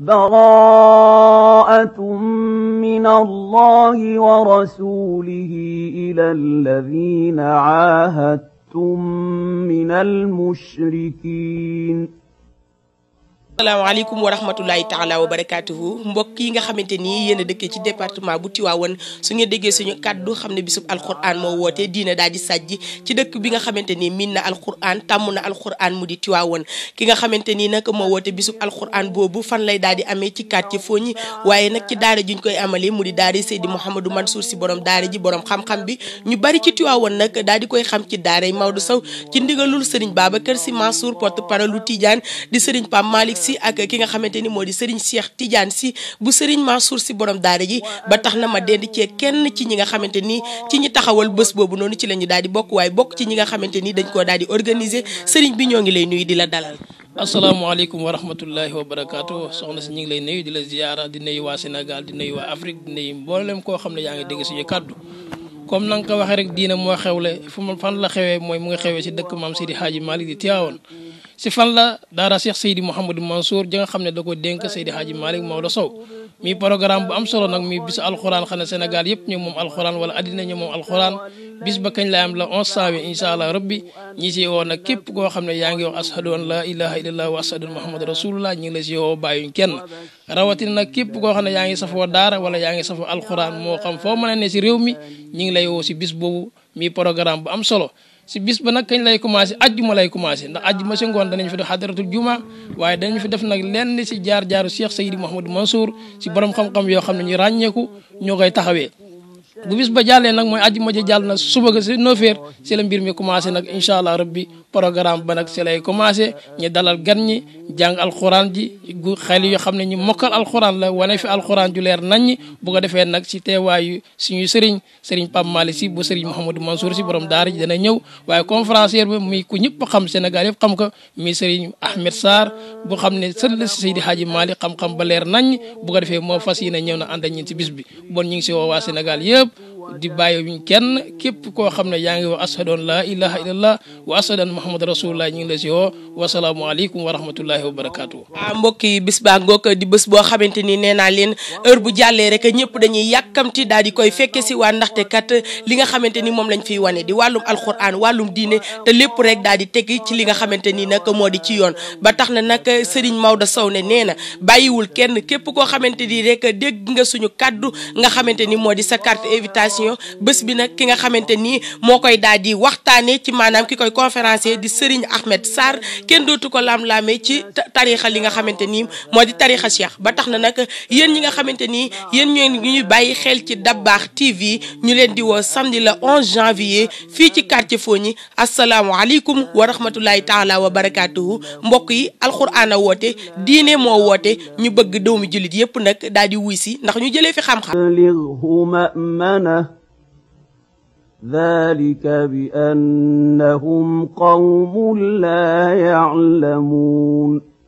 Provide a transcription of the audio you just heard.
براءة من الله ورسوله إلى الذين عاهدتم من المشركين asalaamaaleykum wa rahmatulahi taala wa barakaatuhu mbokk yi nga xamante ni yéen dëkkee ci département bu Tiwaawan su ngeen déggee suñu kàddu xam ne bisub alquran moo wootee diina daal di sàjji ci dëkk bi nga xamante ni miin na alquran tàmm na alquran mu di Tiwaawan ki nga xamante ni nag moo woote bisub alquran boobu fan lay daal di amee ci quartier Fogni waaye nag ci daara juñ koy amalee mu di daara Seydi Mouhamadou Mansour si borom daara ji borom xam bi ñu bari ci Tiwaawan nag daal di koy xam ci daaray Maodo Sow ci ndigalul Serigne Babacar Sy Mansour porte parole lu Tidiane di Serigne Pape Malick Sy si ak ki nga xamante ni moo di Serigne Cheikh Tidiane si bu Serigne Mansour si borom daara ji ba tax na ma dend cee kenn ci ñi nga xamante ni ci ñi taxawal bés boobu noonu ci la ñu daal di bokk waaye bokk ci ñi nga xamante ni dañ koo daal di organiser Serigne bi ñoo ngi lay nuyu di la dalal. asalaamaaleykum wa rahmatullahi wa barakaatu soxna si ñu ngi lay nuyu di la ziyaara di nuyu waa Sénégal di nuyu waa Afrique di nuyu mboolem koo xam ne yaa ngi dégg suñu kàddu comme na nga ko waxee rek diina moo xewle fu mu fan la xewee mooy mu nga xewee si dëkk maam Seydi Hadji Malick di Tiwaawan si fan la daara Cheikh Seydi Mouhamadou Mansour ja nga xam ne da ko dénk Seydi Hadji Malick Maodo Sow mi programme bu am solo nag mii bisu alxuraan xam ne Sénégal yëpp ñoom moom alxuraan wala addina ñoom moom alxuraan bis ba kañ lay am la onze saawe incha allah rabbi ñi si woo nag képp koo xam ne yaa ngi wax ashadu an laa ilaha illallah wa ashadu an muhammad rasulullah ñu ngi la si woo bàyyuñ kenn rawatina nag képp koo xam ne yaa ngi safoo daara wala yaa ngi safoo alquran moo xam foo mën a ne si réew mi ñu ngi lay woo si bis boobu mi programme bu am solo si bis ba nag kañ lay commencé ma lay commencé ndax ma si ngoon danañ fi def xadaratul juma waaye danañ fi def nag lenn si jaar jaaru Cheikh Seydi Mouhamadou Mansour si borom xam yoo xam ne ñu ràññeeku ñoo koy taxawee bu bis ba jàllee nag mooy ajjuma ji jàll na suba ga si neuf heures mbir mi commencé nag incha allah rabbi programme ba nag si lay commencé ñu dalal gan ñi jàng alxuraan ji gu xel yoo xam ne ñu mokkal alxuraan la wane fi alxuraan ju leer nañ bu ko defee nag si teewaayu suñuy sëriñ seriñ pam Malick si bu sëriñ Mouhamadou Mansour si borom daara ji dana ñëw waaye conférencier bi muy ku ñëpp xam Sénégal yëpp xam ko muy sëriñ Ahmed Sarr bu xam ne sët la si Seydi Hadji Malick xam-xam ba leer nañ bu ko defee moo fas yéene ñëw na ànd ak ñun si bis bi bon ñu ngi si woo waa Sénégal yëpp di bàyyiwuñ kenn képp koo xam ne yaa ngi wax ashadu an laa ilaha illallah wa ashadu muhammad rasulullah ñu ngi la si woo wasalaamualeykum wa rahmatullahi wa barakaatu. ah mbokk yi bis baa ngoog di bés boo ni nee leen heure bu jàllee rek ñëpp dañuy yàkkamti daal di koy fekke si waa ndaxte kat li nga xamante ni moom lañ fiy wane di wàllum alquran wàllum diine te lépp rek daal di teg ci li nga xamante ni nag moo di ci yoon ba tax na nag Serigne Maodo Sow ne na bàyyiwul kenn képp koo xamante ni rek dégg nga suñu kaddu nga xamante ni moo di sa carte invitation Libération bés bi nag ki nga xamante ni moo koy daal di waxtaanee ci maanaam ki koy conférencier di Serigne Ahmed Sarr kenn dootu ko lam-laamee ci tariixa li nga xamante ni moo di tariixa Cheikh ba tax na nag yéen ñi nga xamante ni yéen ñoo ñuy bàyyi xel ci Dabakh TV ñu leen di woo samedi la 11 janvier fii ci quartier Fogni asalaamaaleykum wa rahmatulahi taala wa barakaatuhu mbokk yi alxuraan a woote diine moo woote ñu bëgg doomu jullit yépp nag daal di si ndax ñu jëlee fi xam-xam. ذلك بانهم قوم لا يعلمون